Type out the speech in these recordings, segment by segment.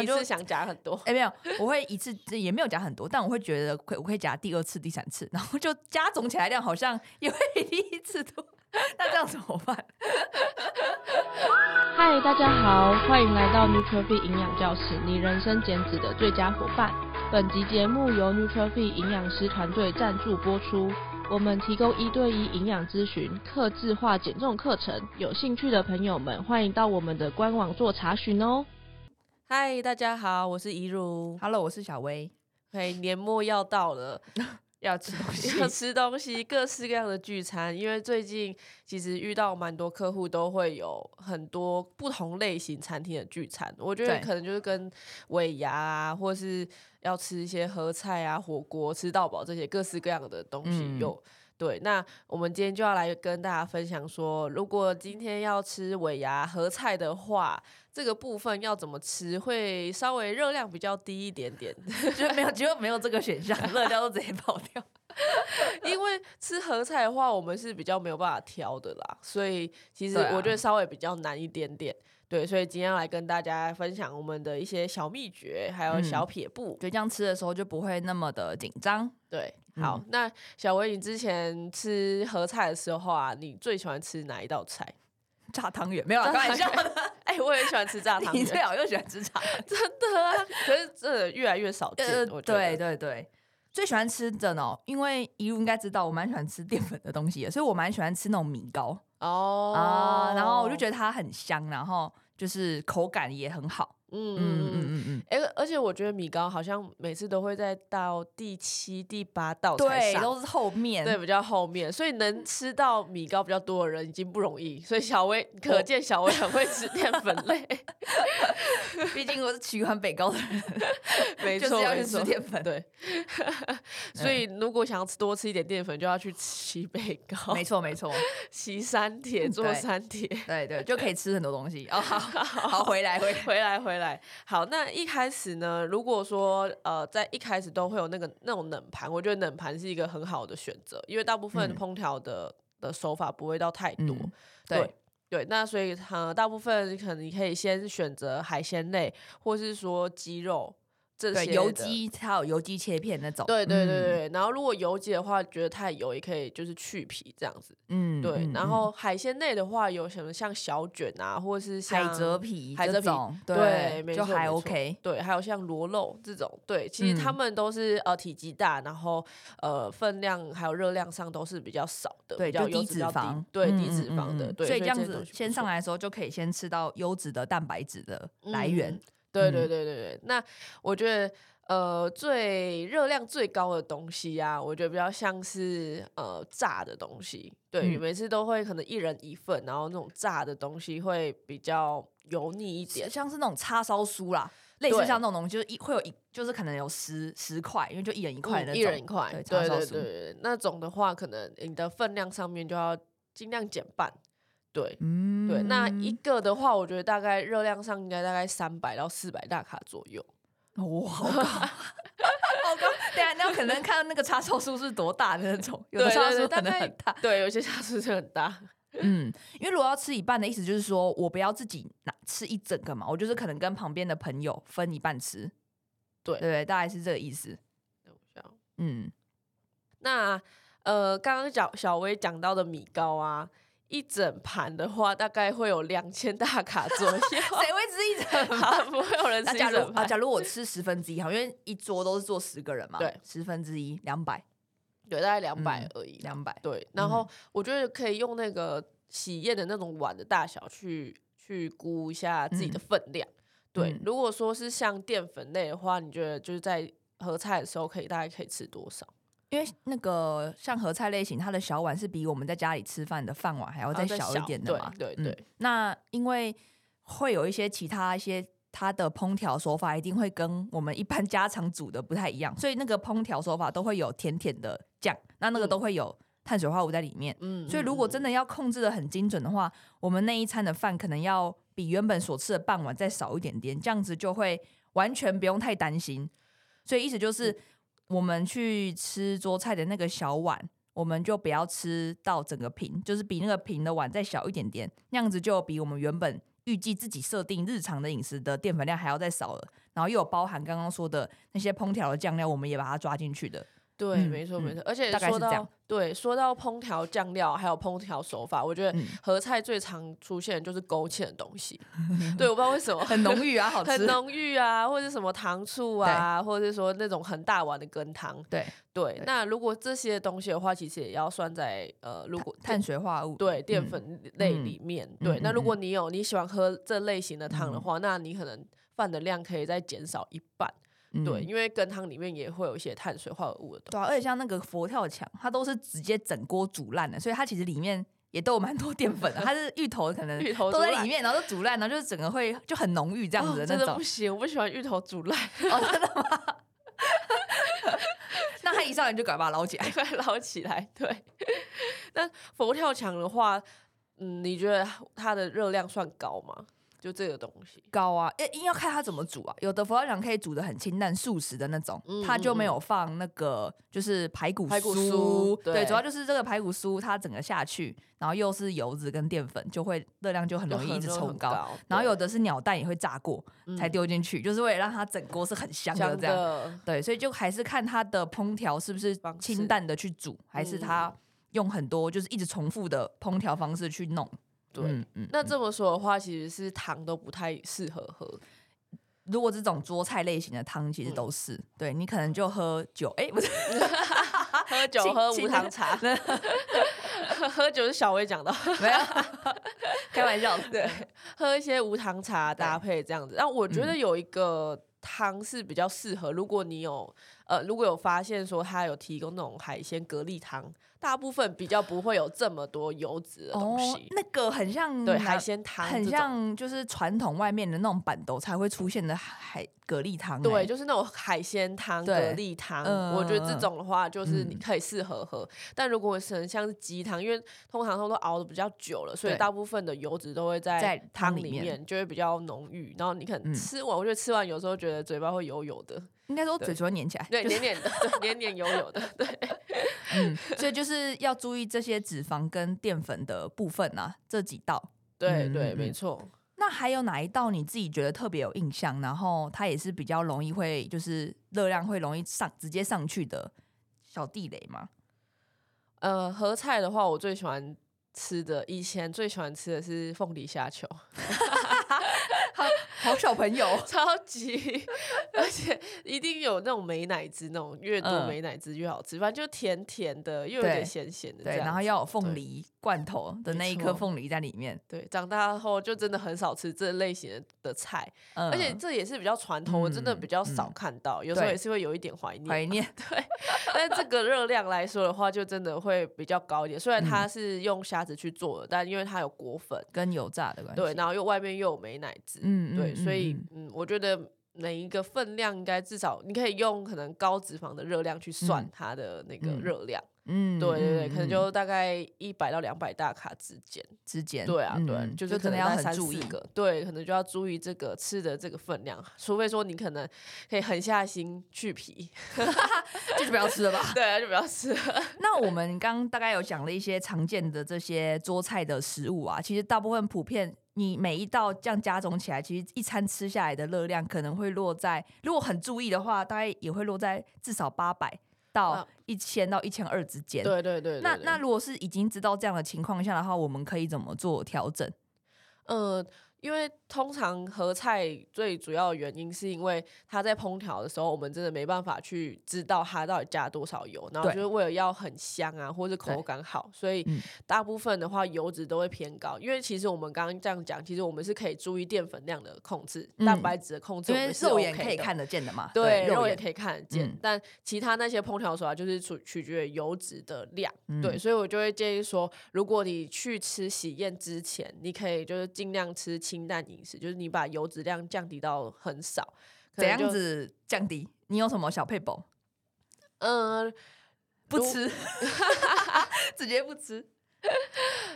你一次想夾很多哎、 欸，沒有，我會一次也沒有夾很多，但我會覺得可我可以夾第二次、第三次，然後就加總起來量好像也會比第一次多。那這樣怎麼辦？嗨， 大家好，歡迎來到 Nuture Fit 營養教室，你人生減脂的最佳伙伴。本集節目由 Nuture Fit 營養師團隊贊助播出，我們提供一對一營養諮詢、客製化減重課程。有興趣的朋友們，歡迎到我們的官網做查詢哦。嗨，大家好，我是怡如。Hello，我是小薇。嘿、okay，年末要到了， 要吃東西，要吃東西，各式各樣的聚餐。因為最近其實遇到蠻多客戶，都會有很多不同類型餐廳的聚餐。我覺得可能就是跟尾牙啊，或是要吃一些合菜啊、火鍋、吃到飽這些各式各樣的東西有。嗯對，那我們今天就要來跟大家分享說，如果今天要吃尾牙合菜的話，這個部分要怎麼吃會稍微熱量比較低一點點？ 就沒有，就沒有這個選項，熱量都直接爆掉。 因為吃合菜的話，我們是比較沒有辦法挑的啦，所以其實我覺得稍微比較難一點點。對啊，對，所以今天要來跟大家分享我們的一些小祕訣，還有小撇步。嗯，就這樣吃的時候就不會那麼的緊張。對。嗯、好，那小薇，你之前吃合菜的時候啊，你最喜歡吃哪一道菜？炸湯圓，沒有開玩笑的，哎、 欸，我也喜歡吃炸湯圓，你最好又喜歡吃炸， 真的、啊， 可是這越來越少見，呃、對對對，對，最喜歡吃的呢，因為一路應該知道，我蠻喜歡吃澱粉的東西的，所以我蠻喜歡吃那種米糕哦啊，oh. uh, 然後我就覺得它很香，然後就是口感也很好。嗯嗯嗯嗯嗯，而而且我覺得米糕好像每次都會在到第七、第八道才上，對，都是後面，對，比較後面，所以能吃到米糕比較多的人已經不容易，所以小薇可見小薇很會吃澱粉類。 畢竟我是喜歡北高的人， 就是要吃澱粉，對、嗯。所以如果想要吃多吃一點澱粉，就要去騎北高。沒錯，沒錯，騎三鐵，做三鐵，對對，對，就可以吃很多東西。 哦，好，好，好， 好回來，回回來，回來。好，那一開始呢？如果說呃，在一開始都會有那個那種冷盤，我覺得冷盤是一個很好的選擇，因為大部分烹調的的手法不會到太多、嗯。對。對，那所以，它大部分可能你可以先選擇海鮮類，或是說雞肉。的對，油雞還有油雞切片那種。對對對對、嗯、然後如果油雞的話覺得太油，也可以就是去皮這樣子。嗯，對。然後海鮮類的話有什麼？像小卷啊，或者是像海蜇皮，皮、海蜇皮。對，就還 OK。對，還有像螺肉這種。對，其實他們都是、嗯、呃體積大，然後呃分量還有熱量上都是比較少的，對比較，比較低，對低脂肪，嗯、對低脂肪的、嗯對嗯。所以這樣子，先上來的時候就可以先吃到優質的蛋白質的來源。嗯對對對對對，那我覺得呃最熱量最高的東西啊，我覺得比較像是呃炸的東西。對、嗯，每次都會可能一人一份，然後那種炸的東西會比較油膩一點，像是那種叉燒酥啦，類似像那種東西就是一會有一就是可能有十十塊，因為就一人一塊那種一人一塊。對對對，那種的話，可能你的分量上面就要儘量減半。對，嗯，對，那一個的話，我覺得大概熱量上應該大概三百到四百大卡左右。哇、哦，好高， 好高。對啊，那可能看那個叉燒酥是多大的那種，有的叉燒酥可能很大，對，有些叉燒酥是很大。 嗯，因為如果要吃一半的意思，就是說我不要自己拿吃一整個嘛，我就是可能跟旁邊的朋友分一半吃。對，對、對，大概是這個意思。我想嗯，那呃，剛剛小小薇講到的米糕啊。一整盤的話，大概會有兩千大卡左右。誰 會吃一整盤？ 不會有人吃一整盤、 啊。假如我吃十分之一，好，因為一桌都是坐十個人嘛。對，十分之一，兩百，對，大概兩百而已。兩、嗯、百。對，然後我覺得可以用那個喜宴的那種碗的大小去、嗯、去估一下自己的分量。嗯、對，如果說是像澱粉類的話，你覺得就是在合菜的時候可以大概可以吃多少？因為那個像合菜類型，它的小碗是比我們在家裡吃飯的飯碗還要再小一點的嘛、嗯，對對對。那因為會有一些其他一些它的烹調手法，一定會跟我們一般家常煮的不太一樣，所以那個烹調手法都會有甜甜的醬，那那個都會有碳水化合物在裡面。嗯，所以如果真的要控制得很精準的話，我們那一餐的飯可能要比原本所吃的半碗再少一點點，這樣子就會完全不用太擔心。所以意思就是、嗯。我們去吃桌菜的那個小碗，我們就不要吃到整個瓶，就是比那個瓶的碗再小一點點，那樣子就比我們原本預計自己設定日常的飲食的澱粉量還要再少了。然後又有包含剛剛說的那些烹調的醬料，我們也把它抓進去的。對、嗯，沒錯沒錯、嗯，而且說到大，對，說到烹調醬料還有烹調手法，我覺得合菜最常出現的就是勾芡的東西、嗯。對，我不知道為什麼 很濃郁啊， 很濃郁啊，好吃，很濃郁啊，或者什麼糖醋啊，或者是說那種很大碗的羹湯。對對，對，那如果這些東西的話，其實也要算在呃，如果碳水化合物對，對、嗯、澱粉類裡面。嗯、對、嗯嗯，那如果你有你喜歡喝這類型的湯的話、嗯，那你可能飯的量可以再減少一半。嗯、對，因為羹湯裡面也會有一些碳水化合物的。對、啊、而且像那個佛跳牆，它都是直接整鍋煮爛的，所以它其實裡面也都有蠻多澱粉的。它是芋頭，可能芋頭都在裡面，然後就煮爛，然後就整個會就很濃郁這樣子那種、哦。真的不行，我不喜歡芋頭煮爛。哦，真的嗎？那它一上來你就趕快把它撈起來，快撈起來。對。 那佛跳牆的話，嗯，你覺得它的熱量算高嗎？就這個東西高啊！誒、欸，因為要看它怎麼煮啊。有的佛跳牆可以煮得很清淡素食的那種，它、嗯、就沒有放那個就是排骨酥，排骨酥對，對，主要就是這個排骨酥，它整個下去，然後又是油脂跟澱粉，就會熱量就很容易一直衝高。然後有的是鳥蛋也會炸過才丟進去，就是為了讓它整鍋是很香的這樣的。對，所以就還是看它的烹調是不是清淡的去煮，還是它用很多就是一直重複的烹調方式去弄。對、嗯嗯，那這麼說的話，其實是湯都不太適合喝。如果這種桌菜類型的湯，其實都是、嗯、對，你可能就喝酒。哎、欸，不是， 喝酒喝無糖茶。喝 喝酒是小薇講的，沒有、啊、開玩笑。 對，喝一些無糖茶搭配這樣子。但我覺得有一個湯是比較適合，如果你有呃，如果有發現說他有提供那種海鮮蛤蜊湯。大部分比較不會有這麼多油脂的東西，哦、那個很像對海鮮湯，很像就是傳統外面的那種板豆才會出現的海蛤蜊湯、欸，對，就是那種海鮮湯蛤蜊湯、嗯。我覺得這種的話就是你可以適合喝、嗯，但如果像像是雞湯，因為通常都熬得比較久了，所以大部分的油脂都會在湯裡面，就會比較濃郁。然後你可能吃完、嗯，我覺得吃完有時候覺得嘴巴會油油的。應該說嘴唇黏起來，對、就是，對，黏黏的， 黏黏油油的，對，嗯，所以就是要注意這些脂肪跟澱粉的部分呢、啊，這幾道，對、嗯、對，沒錯。那還有哪一道你自己覺得特別有印象，然後它也是比較容易會就是熱量會容易上直接上去的小地雷嗎？呃，合菜的話，我最喜歡吃的，以前最喜歡吃的是鳳梨蝦球。 好小朋友，超級，而且一定有那種美乃滋，那種越多美乃滋越好吃，嗯。反正就甜甜的，又有點鹹鹹的，對，對。然後要有鳳梨罐頭的那一顆鳳梨在裡面。對，長大後就真的很少吃這類型的菜，嗯，而且這也是比較傳統，我，嗯，真的比較少看到，嗯，有時候也是會有一點懷念，啊。懷念，對。但是這個熱量來說的話，就真的會比較高一點。雖然它是用蝦子去做的，嗯，但因為它有果粉跟油炸的關係，對。然後又外面又有美乃滋。嗯，對。所以，嗯，我覺得每一個分量，應該至少你可以用可能高脂肪的熱量去算它的那個熱量，嗯，嗯對對對，可能就大概一百到兩百大卡之間，之間，對啊，嗯、對，就是可，可能要三四個，對，可能就要注意這個吃的這個分量，除非說你可能可以狠下心去皮，就不要吃了吧，對啊，就不要吃了。那我們剛大概有講了一些常見的這些桌菜的食物啊，其實大部分普遍。你每一道這樣加總起來，其實一餐吃下來的熱量可能會落在，如果很注意的話，大概也會落在至少八百到一千到一千二之間。啊、對，對，對對對。那那如果是已經知道這樣的情況下的話，我們可以怎麼做調整？呃。因為通常合菜最主要的原因，是因為它在烹調的時候，我們真的沒辦法去知道它到底加多少油。然後就是為了要很香啊，或是口感好，所以大部分的話油脂都會偏高。因為其實我們剛剛這樣講，其實我們是可以注意澱粉量的控制，蛋白質的控制，因為肉眼可以看得見的嘛。對，肉眼可以看得見。但其他那些烹調手法，就是取取決於油脂的量。對，所以我就會建議說，如果你去吃喜宴之前，你可以就是儘量吃。清淡飲食，就是你把油脂量降低到很少。怎樣子降低？你有什麼小撇步？嗯、呃，不吃， 直接不吃。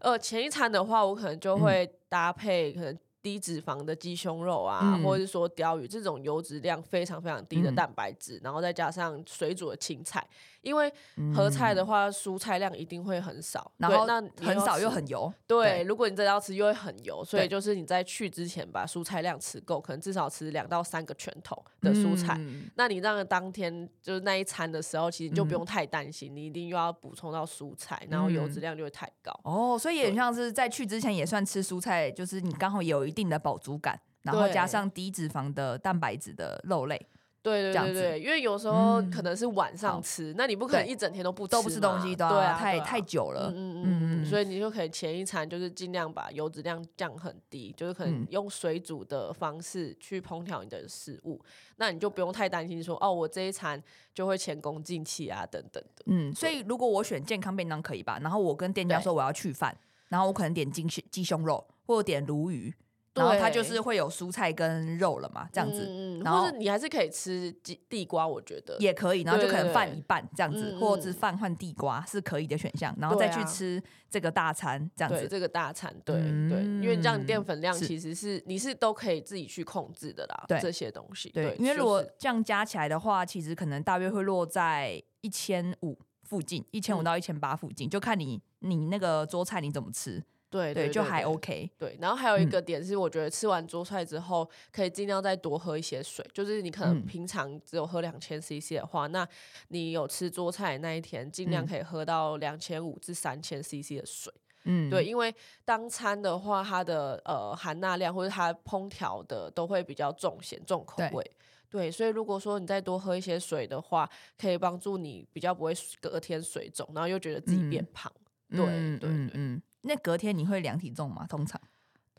呃，前一餐的話，我可能就會搭配可能。低脂肪的雞胸肉啊、嗯，或者是說鯛魚這種油脂量非常非常低的蛋白質、嗯，然後再加上水煮的青菜，因為合菜的話、嗯、蔬菜量一定會很少，然後那很少又很油對。對，如果你這道吃又會很油，所以就是你在去之前把蔬菜量吃夠，可能至少吃兩到三個拳頭的蔬菜。嗯、那你讓當天就是那一餐的時候，其實你就不用太擔心、嗯，你一定又要補充到蔬菜、嗯，然後油脂量就會太高。哦，所以也很像是在去之前也算吃蔬菜，就是你剛好有。一定的飽足感，然後加上低脂肪的蛋白質的肉類，對對對，對，因為有時候可能是晚上吃，嗯、那你不可能一整天都不吃都不吃東西，對啊，對啊，太啊太久了，嗯嗯嗯，嗯嗯，所以你就可以前一餐就是盡量把油脂量降很低，就是可能用水煮的方式去烹調你的食物、嗯，那你就不用太擔心說哦，我這一餐就會前功盡棄啊等等，嗯，所以如果我選健康便當可以吧，然後我跟店家說我要去飯，然後我可能點雞胸雞胸肉或者點鱸魚。然後它就是會有蔬菜跟肉了嘛，這樣子。然後你還是可以吃地瓜，我覺得也可以。然後就可能飯一半這樣子，或者是飯換地瓜是可以的選項。然後再去吃這個大餐這樣子。這個大餐，對對，因為這樣澱粉量其實是你是都可以自己去控制的啦。這些東西，對，因為如果這樣加起來的話，其實可能大約會落在一千五附近，一千五到一千八附近，就看你你那個桌菜你怎麼吃。對對，對，對，對，對對，就還 OK。對，然後還有一個點是，我覺得吃完桌菜之後，可以盡量再多喝一些水，嗯。就是你可能平常只有喝兩千 CC 的話，嗯，那你有吃桌菜那一天，盡量可以喝到兩千五至三千 CC 的水。嗯，對，因為當餐的話，它的呃含鈉量或者它烹調的都會比較重鹹，重口味，嗯，對。對，所以如果說你再多喝一些水的話，可以幫助你比較不會隔天水腫，然後又覺得自己變胖。對、嗯、對對。嗯，對，嗯，嗯，對。那隔天你會量體重嗎？通常，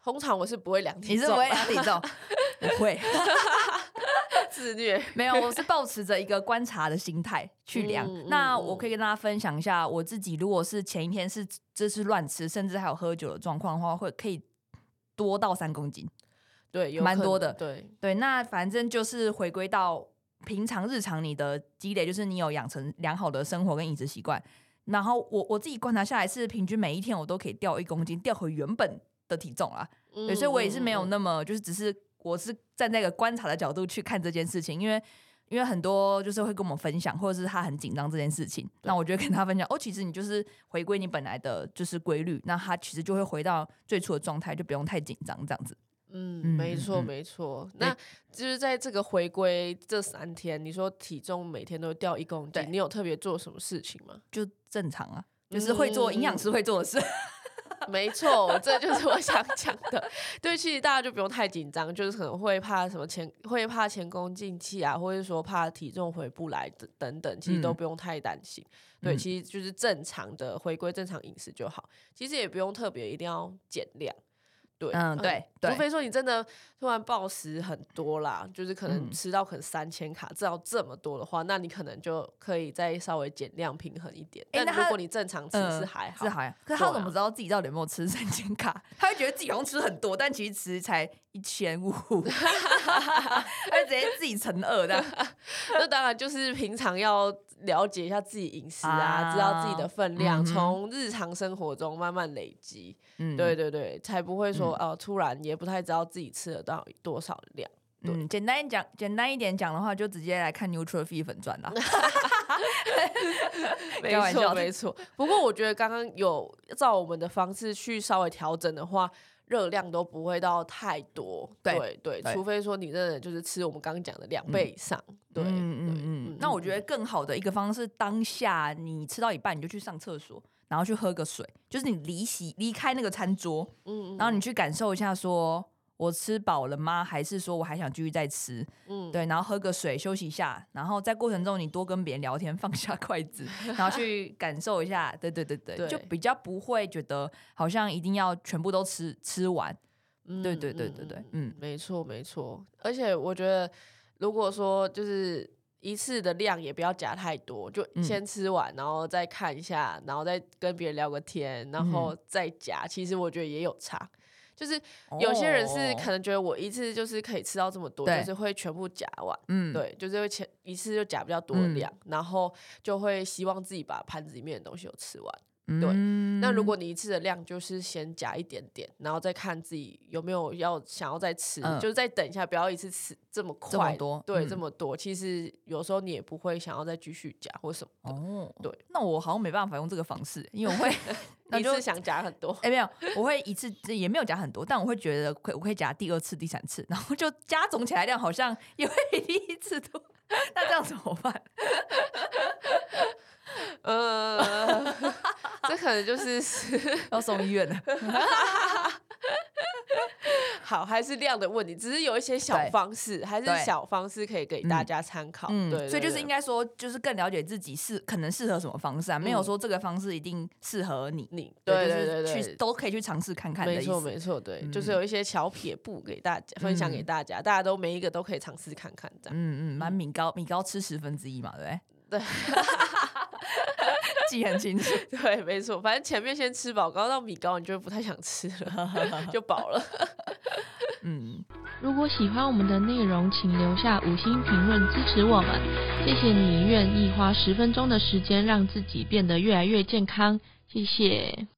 通常我是不會量體重。你是不會量體重？不 我會， 自虐。沒有，我是抱持著一個觀察的心態去量，嗯。那我可以跟大家分享一下，嗯、我自己如果是前一天是這次亂吃，甚至還有喝酒的狀況的話，會可以多到三公斤。對，有蠻多的。對，對。那反正就是回歸到平常日常，你的積累就是你有養成良好的生活跟飲食習慣。然後我我自己觀察下來是平均每一天我都可以掉一公斤，掉回原本的體重啦。嗯，所以我也是沒有那麼就是，只是我是站在一個觀察的角度去看這件事情，因為因為很多就是會跟我分享，或者是他很緊張這件事情。那我就跟他分享哦，其實你就是回歸你本來的就是規律，那他其實就會回到最初的狀態，就不用太緊張這樣子。嗯,嗯，沒錯、嗯、沒錯、嗯，那、欸、就是在這個回歸這三天，你說體重每天都掉一公斤，你有特別做什麼事情嗎？就正常啊，就是會做營養師會做的事、嗯。 沒錯， 這就是我想講的。對，其實大家就不用太緊張，就是可能會怕什麼前會怕前功盡棄啊，或者說怕體重回不來的等等、嗯，其實都不用太擔心、嗯。對，其實就是正常的回歸正常飲食就好，其實也不用特別一定要減量。對，嗯對，對除非說你真的突然暴食很多啦，就是可能吃到可能三千卡，吃、嗯、到這麼多的話，那你可能就可以再稍微減量平衡一點、欸。但如果你正常吃是還好，欸呃、是還好。可是他怎麼知道自己到底有沒有吃三千卡？啊？他會覺得自己好像吃很多，但其實吃才一千五，哈 哈 他會直接自己乘二的， 那當然就是平常要。了解一下自己飲食啊，啊，知道自己的分量，從、嗯、日常生活中慢慢累積、嗯。對對對，才不會說哦、嗯啊，突然也不太知道自己吃了多少多少量、嗯。簡單講，簡單一點講的話，就直接來看 Nuture Fit 粉專啦。 沒錯沒錯，不過我覺得剛剛有照我們的方式去稍微調整的話。熱量都不會到太多，對對，對，除非說你真的就是吃我們剛剛講的兩倍以上，嗯、對，嗯對嗯，那我覺得更好的一個方式，嗯、當下你吃到一半你就去上廁所，然後去喝個水，就是你離席離開那個餐桌、嗯，然後你去感受一下說。我吃飽了嗎？還是說我還想繼續再吃？嗯，對，然後喝個水，休息一下，然後在過程中你多跟別人聊天，放下筷子，然後去感受一下。 對對對對，就比較不會覺得好像一定要全部都吃吃完。嗯，對對對對對、嗯，嗯，沒錯沒錯。而且我覺得，如果說就是一次的量也不要夾太多，就先吃完，嗯，然後再看一下，然後再跟別人聊個天，然後再夾、嗯。其實我覺得也有差。就是有些人是可能覺得我一次就是可以吃到這麼多，Oh. 就是會全部夾完，嗯，對，就是會前一次就夾比較多的量，嗯，然後就會希望自己把盤子裡面的東西都吃完。 對，那如果你一次的量就是先夾一點點，然後再看自己有沒有要想要再吃，嗯、就是再等一下，不要一次吃這麼快，這麼多，對，嗯、這麼多。其實有時候你也不會想要再繼續夾或什麼的。哦，對，那我好像沒辦法用這個方式，因為我會 那就你是想夾很多。哎、欸、沒有，我會一次也沒有夾很多，但我會覺得可我可以夾第二次、第三次，然後就加總起來量好像也會比第一次多。那這樣怎麼辦？ 呃，這可能就是 要送醫院了。 好，還是量的問題，只是有一些小方式，還是小方式可以給大家參考。對，嗯、對，對，對，所以就是應該說，就是更了解自己適可能適合什麼方式啊，沒有說這個方式一定適合你。嗯、你對，對，對，對，對對，就是、去都可以去嘗試看看。沒錯，沒錯，對、嗯，就是有一些小撇步給大家、嗯、分享給大家，大家都每一個都可以嘗試看看。這樣，嗯嗯，滿米糕，米糕吃十分之一嘛，對不對？對。 記很清楚， 對，沒錯，反正前面先吃飽，剛到米糕你就不太想吃了， 就飽飽了。 嗯，如果喜歡我們的內容，請留下五星評論支持我們，謝謝你願意花十分鐘的時間讓自己變得越來越健康，謝謝。